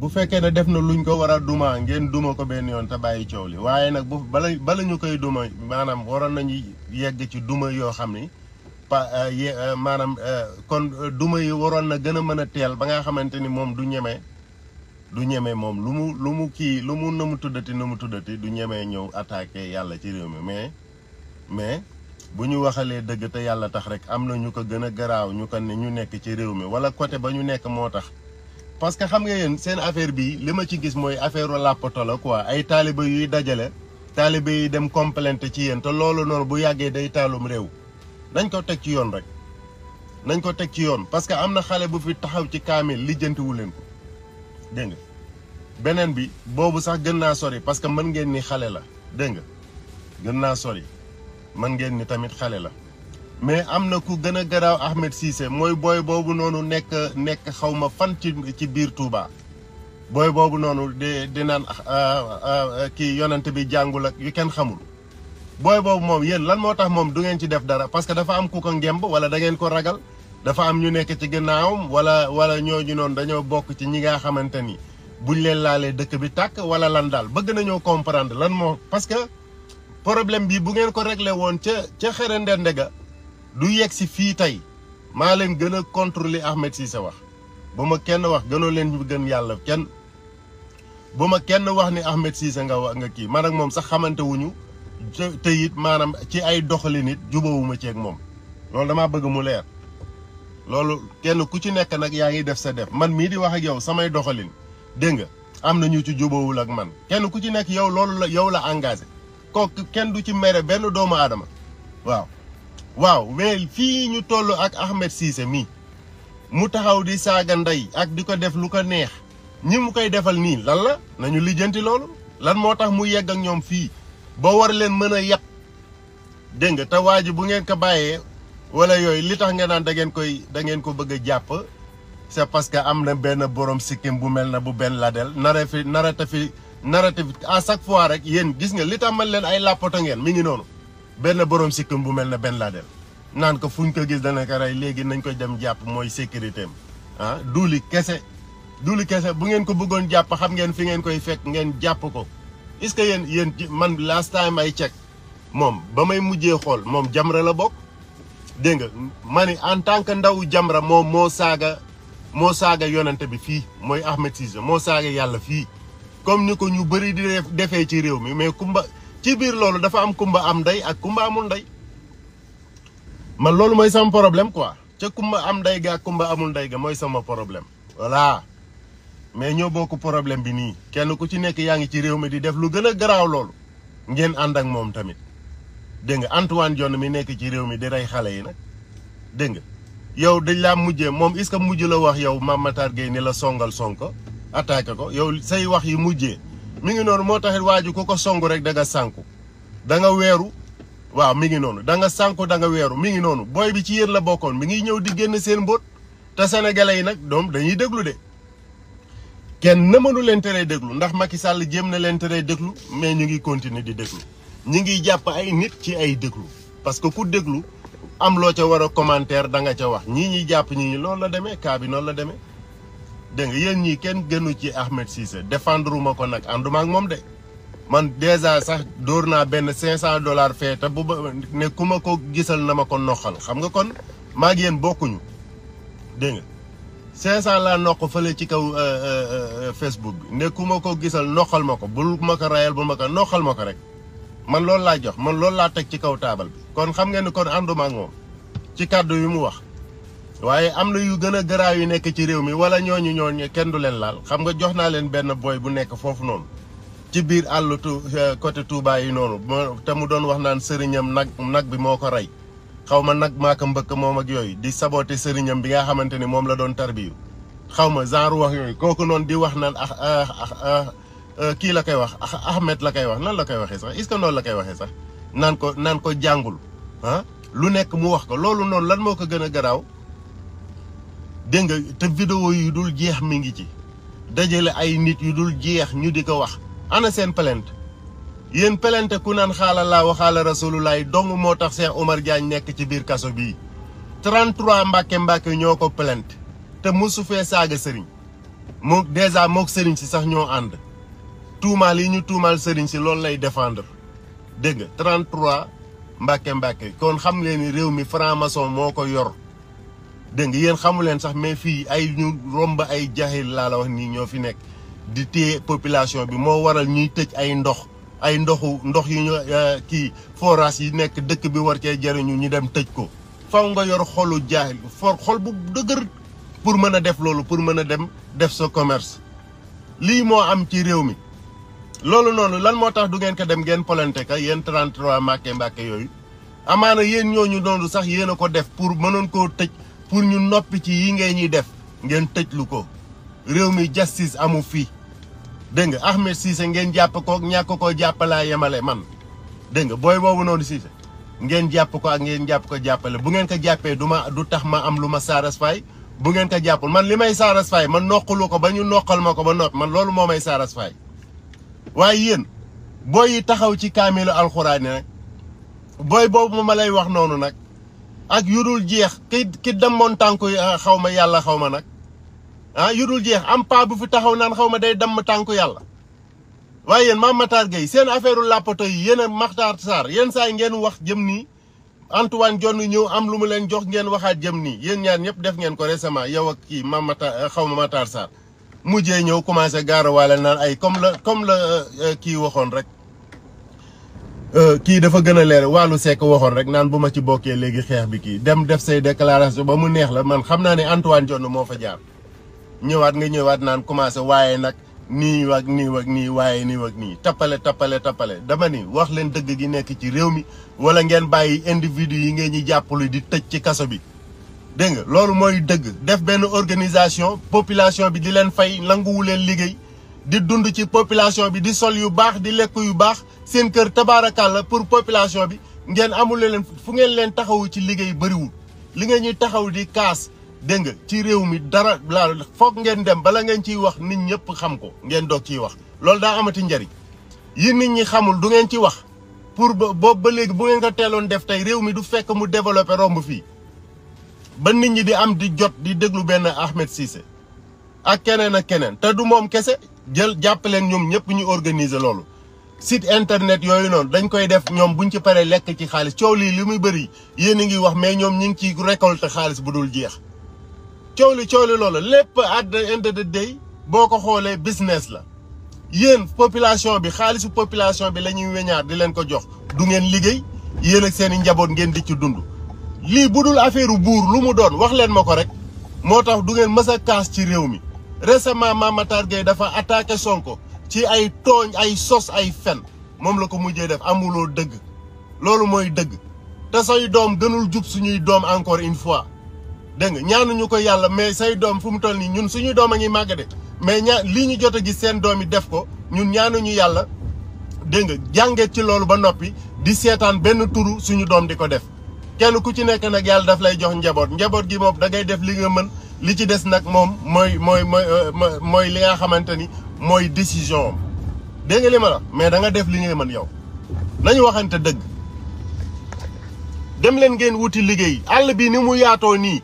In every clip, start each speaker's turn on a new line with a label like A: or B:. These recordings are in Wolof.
A: bu fekkee ne def na lu luñ ko war a duma ngeen duma ko benn yoon te bàyyi coow li waaye nag bu bala bala ñu koy duma maanaam waroon nañu yegg ci duma yoo xam ni pa eh, eh, maanaam eh, kon duma yi waroon na gën a mën a teel ba nga xamante ni moom du ñeme du ñeme moom lu mu lu mu kii lu mu na mu tuddati na mu tuddati du ñemee ñëw attaqué yàlla ci réew mi mais mais bu ñu waxalee dëgg te yàlla tax rek am na ñu ko gën a garaaw ñu ko ne ñu nekk ci réew mi wala côté ba ñu nekk moo tax parce que xam nga yéen seen affaire bii li ma ci gis mooy affaire làppato la ay taaliba yuy dajale taaliba yi dem complainte ci yéen te loolu noonu bu yàggee day taalum réew nañ ko teg ci yoon rek nañ ko teg ci yoon parce que am na xale bu fi taxaw ci kaamil lijjantiwu leen ko dégg nga beneen bi boobu sax gën naa sori parce que mën ngeen ni xale la dégg gën naa sori mën ngeen ni tamit xale la mais am na ku gën a garaaw Ahmed Cissé mooy booy boobu noonu nekk nekk xaw ma fan ci ci biir tuubaa booy boobu noonu di di naan ah, ah, ah, kii yonent bi jàngul ak yu kenn xamul. booy boobu moom yéen lan moo tax moom du ngeen ci def dara parce que dafa am ku ko ngemb wala dangeen ko ragal dafa am ñu nekk ci ginnaawam wala wala ñu noonu dañoo bokk ci ñi nga xamante ni buñ leen laalee dëkk bi tàkk wala lan daal bëgg nañoo comprendre lan moom parce que problème bi bu ngeen ko réglé woon ca ca du yegg si fii tey maa leen gën a contrôler Ahmed Cissé wax bu ma kenn wax gënoo leen bu gën yàlla kenn bu ma kenn wax ni Ahmed Cissé nga wax nga kii man ak moom sax xamante ñu te it maanaam ci ay doxali nit jubawuma ceeg moom loolu damaa bëgg mu leer loolu kenn ku ci nekk nag yaa ngi def sa def man mii di wax ak yow samay doxalin dégg nga am nañu ci jubawul ak man kenn ku ci nekk yow loolu la yow la engagé kooku kenn du ci mere benn doomu aadama waaw waaw mais fii ñu toll ak Ahmed Cissé mi mu taxaw di saaga ndey ak di ko def lu ko neex ñi mu koy defal nii lan la nañu lijjanti loolu lan moo tax mu yegg ak ñoom fii boo war leen mën a yàq dégg nga te waa ji bu ngeen ko bàyyee wala yooyu li tax nga naan da ngeen koy da ngeen ko bëgg jàpp c'est parce que am na benn borom sikkim bu mel na bu benn ladel nara fi narata fi narata fi à chaque fois rek yéen gis nga li tax man leen ay làppato ngeen mi ngi noonu benn borom sikkim bu mel ne laa Laden naan ko fuñ ko gis dana ko rey léegi nañ ko dem jàpp mooy sécurité am ah duuli kese duuli kese bu ngeen ko bëggoon jàpp xam ngeen fi ngeen koy fekk ngeen jàpp ko est-ce que yéen yéen man last time ay check moom ba may mujjee xool moom Jamra la bokk dégg nga ma ni en tant que ndaw Jamra moom moo saaga moo saaga yonante bi fii mooy Ahmed Cissé moo saaga yàlla fii comme ni ko ñu bëri di defee ci réew mi mais kumba ci biir loolu dafa am kumba am ndey ak kumba amul ndey man loolu mooy sama problème quoi ca kumba am ndey ga ak kumba amul ndey ga mooy sama problème voilà mais ñoo bokk problème bi nii kenn ku ci nekk yaa ngi ci réew mi di def lu gën a garaaw loolu ngeen ànd ak moom tamit dégg nga Antoine Diome mi nekk ci réew mi di rey xale yi nag dégg nga yow dañ laa mujjee moom est-ce que mujj la wax yow Mame Matar ni la songal Sonko attaqué ko yow say wax yi mujjee mi ngi noonu moo taxit waa ji ku ko songu rek da nga sànku da weeru waaw mi ngi noonu danga nga sànku da nga weeru mi ngi noonu booy bi ci yéen la bokkoon mi ngi ñëw di génn seen mbóot te sénégalais yi nag doom dañuy déglu de kenn mënu leen tere déglu ndax Macky sàll jéem na leen tere déglu mais ñu ngi continuer di déglu ñu ngi jàpp ay nit ci ay déglu parce que ku déglu am loo ca war a commentaire da ca wax ñii ñuy jàpp ñi ñi loolu la demee cas bi noonu la demee dégg nga yéen ñii kenn gënu ci Ahmed Cissé défendre ma ko nag ànduma ak moom de man dèjà sax dóor naa benn cinq cent dollars fee te bu ba ne ku ma ko gisal na ma ko noqal xam nga kon maa ngi bokkuñu dégg nga cinq cent laa noq fële ci kaw euh, euh, euh, Facebook bi ne ku ma ko gisal noxal ma ko bul ma ko rayal bul ma ko noqal ma ko rek man loolu laa jox man loolu laa teg ci kaw taabal bi kon xam nga ni kon ànduma ak moom ci kàddu yi mu wax waaye am na yu gën a garaaw yi nekk ci réew mi wala ñu ñoo kenn du leen laal xam nga jox naa leen benn boy bu nekk foofu noonu ci biir àll tu euh, côté Touba yi noonu te mu doon wax naan sëriñam nag nag bi moo ko rey xaw ma nag maaka mbëkk moom ak yooyu di saboté sëriñam bi nga xamante ni moom la doon tarbiyu xaw ma genre wax yooyu kooku noonu di wax naan ah, ah, ah, ah euh, kii la koy wax Ahmed la koy wax nan la koy waxee sax est-ce noonu la koy waxee sax naan ko naan ko jàngul lu nekk mu wax ko loolu noonu lan moo ko gën a garaaw dégg nga te vidéo yu dul jeex mi ngi ci dajale ay nit yu dul jeex ñu di ko wax ana seen plainte yéen plainte ku naan xaala laa waxaala rasululaay dong moo tax Cheikh Omar Diagne nekk ci biir kaso bii 33 mbàkke mbàkke ñoo ko plainte te mosu fee saaga sëriñ moo dèjà mook sëriñ si sax ñoo ànd tuumaal yi ñu tuumaal sëriñ si loolu lay défendre dégg nga 33 mbàkke mbàkke kon xam ngeen ni réew mi faramason moo ko yor dégg nga yéen xamu leen sax mais fii ay ñu romb ay jaxil laa la wax nii ñoo fi nekk di téye population bi moo waral ñuy tëj ay ndox ay ndoxu ndox yu ñu euh, kii forage yi nekk dëkk bi war cee jëriñu ñu dem tëj ko. faw nga yor xolu jaaxil for xol bu dëgër pour mën a def loolu pour mën a dem def sa commerce lii moo am ci réew mi loolu noonu lan moo tax du ngeen ko dem ngeen polente ka yéen 33 mbàkke mbàkke yooyu amaana yéen ñu doonu sax yéen a ko def pour mënoon koo tëj pour ñu noppi ci yi ngeen ñuy def ngeen tëjlu ko réew mi justice amu fi dégg nga Ahmed Cissé ngeen jàpp ko ak ñàkk koo jàppalaa yemale man dégg booy boobu noonu Cissé ngeen jàpp ko ak ngeen jàpp ko jàppale bu ngeen ko jàppee du du tax ma am lu ma Saras Faye bu ngeen ko jàppul man li may Saras Faye man noqulu ko ba ñu noqal ma ko ba noppi man loolu moo may Saras waaye yéen booy yi taxaw ci kaamilu alxuraan nag booy boobu ma lay wax noonu nag ak yudul jeex ki ki demoon tànku ah, xaw ma yàlla xaw ma nag ah yudul jeex am paa bu fi taxaw naan xaw ma day demm tànku yàlla waaye yéen Mame Matar Gueye seen affaire làppato yi yéen a Makhtar Sarr yéen saa ngeen wax jëm nii Antoine Diome ñëw am lu ma leen jox ngeen waxaat jëm nii yéen ñaar ñëpp def ngeen ko récemment yow ak kii Mame Matar ah, xaw ma Matar Sarr mujjee ñëw commencé gaarawaale naan ay comme la comme la ah, kii waxoon rek Euh, kii dafa gën a leer wàllu sekk waxoon rek naan bu ma ci bokkee léegi xeex bi kii dem def say déclaration ba mu neex la man xam naa ne Antoine Diome moo fa jaar ñëwaat nga ñëwaat naan commencé waaye nag nii wak nii wak nii waaye nii wak nii tappale tappale tappale dama ni wax leen dëgg gi nekk ci réew mi wala ngeen bàyyi individu yi ngeen ñi jàppalu di tëj ci kaso bi dégg nga loolu mooy dëgg def benn organisation population bi di leen fay nanguwu leen liggéey di dund ci population bi di sol yu baax di lekk yu baax seen kër tabarakallah pour population bi ngeen amul leen fu ngeen leen taxawu ci liggéey bëriwul li ngeen ñi taxaw di kaas de nga ci rew mi dara la fokk ngeen dem bala ngeen ci wax nit ñepp xam ko ngeen doog ci wax lool da amati ndari yi nit ñi xamul du ngeen ci wax pour ba ba bu ngeen ko telon def tay rew mi du fekk mu développer romb fi ba nit ñi di am di jot di deglu ben Ahmed cisse ak keneen ak keneen te du mom kese jël jàpp leen ñoom ñëpp ñu organiser loolu. site internet yooyu noonu dañ koy def ñoom buñ ci paree lekk ci xaalis coow lii li muy bëri yéen a ngi wax mais ñoom ñu ngi ciy récolte xaalis bu dul jeex coow li coow li loolu lépp at the end of boo ko xoolee business la yéen population bi xaalisu population bi la ñuy weñaar di leen ko jox du ngeen liggéey yéen ak seen i njaboot ngeen di ci dund lii bu dul affaire buur lu mu doon wax leen ma ko rek moo tax du ngeen mës a kaas ci réew mi récemment Mame Matar Gueye dafa attaqué Sonko ci ay tooñ ay sos ay fen moom la ko mujjee def amuloo dëgg loolu mooy dëgg te say doom gënul jub suñuy doom encore une fois dégg nga ñaanuñu ko yàlla mais say doom fu mu toll nii ñun suñu doom a ngi màgg de mais ñaa lii ñu jot a gis seen doom yi def ko ñun ñaanuñu yàlla dégg nga jàngeet ci loolu ba noppi di seetaan benn turu suñu doom di ko def kenn ku ci nekk nag yàlla daf lay jox njaboot njaboot gi moom dangay def li nga mën li ci des nag moom mooy mooy mooy euh, mooy li nga xamante ni mooy décision am dégg li ma la mais danga def li ngay mën yow nañu waxante dëgg dem leen ngeen wuti liggéey àll bi ni mu yaatoo nii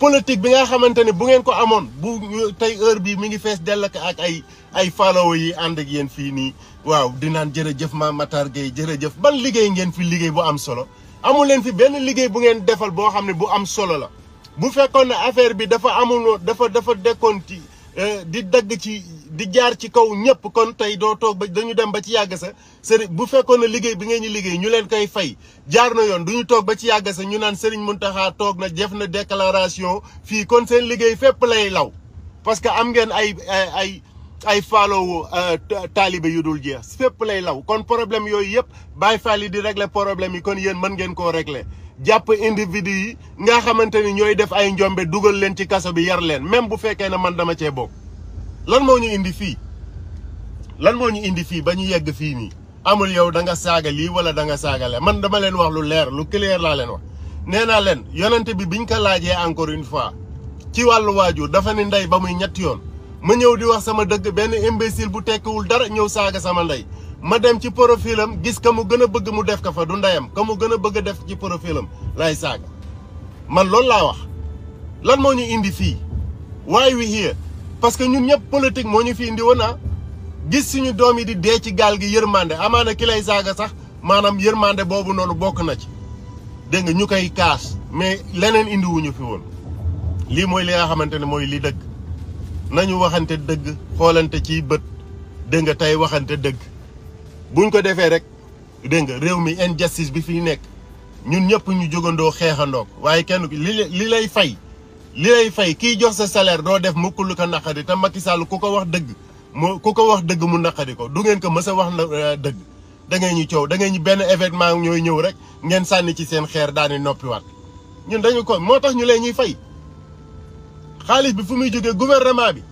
A: politique bi nga xamante ne bu ngeen ko amoon bu tey heure bi mi ngi fees dell ak ay ay falawo yi ànd ak yéen fii nii waaw di naan dinaan jërëjëf Mame Matar Gueye jëf ban liggéey ngeen fi liggéey bu am solo amu leen fi benn liggéey bu ngeen defal boo xam ne bu am solo la bu fekkoon ne affaire bi dafa amul dafa dafa dekkoon ci Eh, di dagg ci di jaar ci kaw ñëpp kon tey doo toog ba dañu dem ba ci yàgg sa sëriñ bu fekkoon ne liggéey bi ngeen ñu liggéey ñu leen koy fay jaar na yoon du ñu toog ba ci yàgg sa ñu naan sëriñ Mountakha toog na def na déclaration fii kon seen liggéey fépp lay law parce que am ngeen ay ay ay faalowu euh, taalibe yu dul jeex fépp lay law kon problème yooyu yëpp bàyyi faal yi di régler problème yi kon yéen mën ngeen koo régler jàpp individu yi nga xamante ni ñooy def ay njombe dugal leen ci kaso bi yar leen même bu fekkee ne man dama cee bokk lan moo ñu indi fii lan moo ñu indi fii ba ñu yegg fii nii amul yow da nga saaga lii wala danga nga saagale man dama leen wax lu leer lu clair laa leen wa nee naa leen yonent bi biñ ko laajee encore une fois ci wàllu waajur dafa ne ndey ba muy ñetti yoon ma ñëw di wax sama dëgg benn imbécile bu tekkiwul dara ñëw saaga sama ndey ma dem ci profilam gis ka mu gën a bëgg mu def ka fa du ndeyam ka mu gën a bëgg a def ci profilam lay saaga man loolu laa wax lan moo ñu indi fii why we here parce que ñun ñëpp politique moo ñu fi indi woon naa ah. gis suñu doom yi di dee ci gaal gi yërmande amaana ki lay saaga sax maanaam yërmande boobu noonu bokk na ci dégg nga ñu koy kaas mais leneen indi wuñu fi woon lii mooy li nga xamante ne mooy li dëgg nañu waxante dëgg xoolante ci bët dégg nga tey waxante dëgg buñ ko defee rek dégg nga réew mi injustice bi fi nekk ñun ñëpp ñu jógandoo xeexandoo waaye kenn li li lay fay li lay fay kiy jox sa salaire doo def mukk lu ko naqari te Macky Sall ku ko wax dëgg mu ku ko wax dëgg mu naqari ko du ngeen ko mës a wax euh, dëgg da ngay ñu coow da ngay ñu benn événement ñooy ñëw rek ngeen sànni ci seen xeer daani noppiwaat ñun dañu ko moo tax ñu leen ñuy fay xaalis bi fu muy jógee gouvernement bi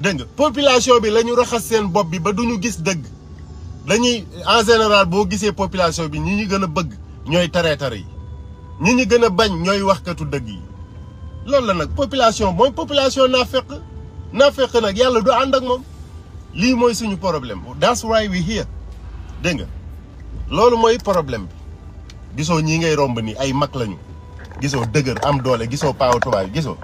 A: dégg nga population bi la ñu raxas seen bopp bi ba duñu gis dëgg dañuy en général boo gisee population bi ñu ñu gën a bëgg ñooy traître yi ñu ñu gën a bañ ñooy waxkatu dëgg yi loolu la nag population mooy population naafeq naafeq nag yàlla du ànd ak moom lii mooy suñu problème that's why we here dégg nga loolu mooy problème bi gisoo ñi ngay romb nii ay mag lañu gisoo dëgër am doole gisoo paaw tubaab gisoo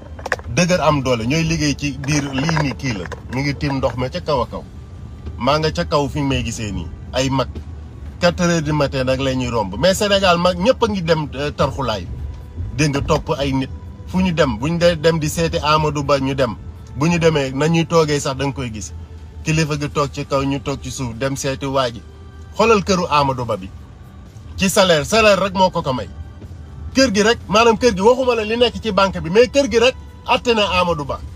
A: dëgër am doole ñooy liggéey ci biir lii nii kii la mu ngi tiim ndox ma ca kaw a kaw maa nga ca kaw fi may gisee nii ay mag quatre heures du nag la ñuy romb mais Sénégal mag ñëpp a ngi dem euh, tarxulaay dégg nga topp ay nit fu ñu dem bu ñu dem di seeti Amadou Ba ñu dem bu ñu demee na ñuy toogee sax da nga koy gis kilifa gi toog ci kaw ñu toog ci suuf dem seeti waa ji xoolal këru Amadou Ba bi ci salaire salaire rek moo ko ko may kër gi rek maanaam kër gi waxuma la li nekk ci banque bi mais kër gi rek atte na Amadou Ba